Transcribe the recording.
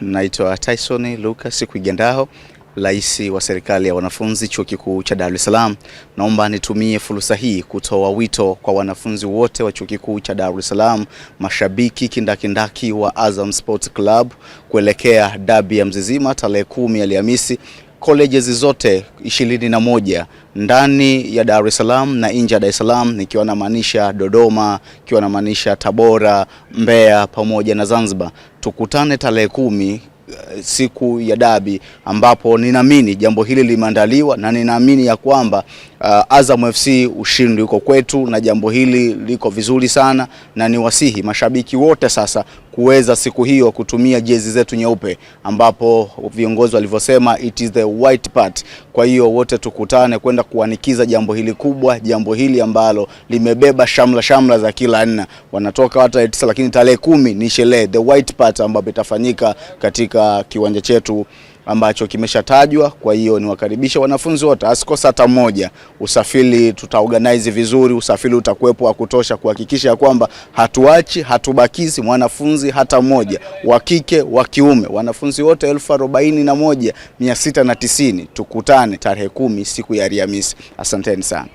Naitwa Tyson Lucas Kwigandaho, rais wa serikali ya wanafunzi chuo kikuu cha Dar es Salaam. Naomba nitumie fursa hii kutoa wito kwa wanafunzi wote wa chuo kikuu cha Dar es Salaam, mashabiki kindakindaki wa Azam Sports Club kuelekea dabi ya Mzizima tarehe kumi Alhamisi colleges zote ishirini na moja ndani ya Dar es Salaam na nje ya Dar es Salaam, nikiwa namaanisha Dodoma, ikiwa namaanisha Tabora, Mbeya pamoja na Zanzibar. Tukutane tarehe kumi eh, siku ya dabi, ambapo ninaamini jambo hili limeandaliwa na ninaamini ya kwamba uh, Azam FC ushindi uko kwetu, na jambo hili liko vizuri sana, na ni wasihi mashabiki wote sasa kuweza siku hiyo kutumia jezi zetu nyeupe, ambapo viongozi walivyosema it is the white part. Kwa hiyo wote tukutane kwenda kuanikiza jambo hili kubwa, jambo hili ambalo limebeba shamla shamla za kila aina, wanatoka hata tisa, lakini tarehe kumi ni sherehe the white part ambapo itafanyika katika kiwanja chetu ambacho kimeshatajwa. Kwa hiyo niwakaribisha wanafunzi wote, asikose hata mmoja. Usafiri tutaorganize vizuri, usafiri utakuwepo wa kutosha kuhakikisha kwamba hatuachi, hatubakizi mwanafunzi hata mmoja, wa kike, wa kiume. Wanafunzi wote elfu arobaini na moja mia sita na tisini tukutane tarehe kumi siku ya Alhamisi. Asanteni sana.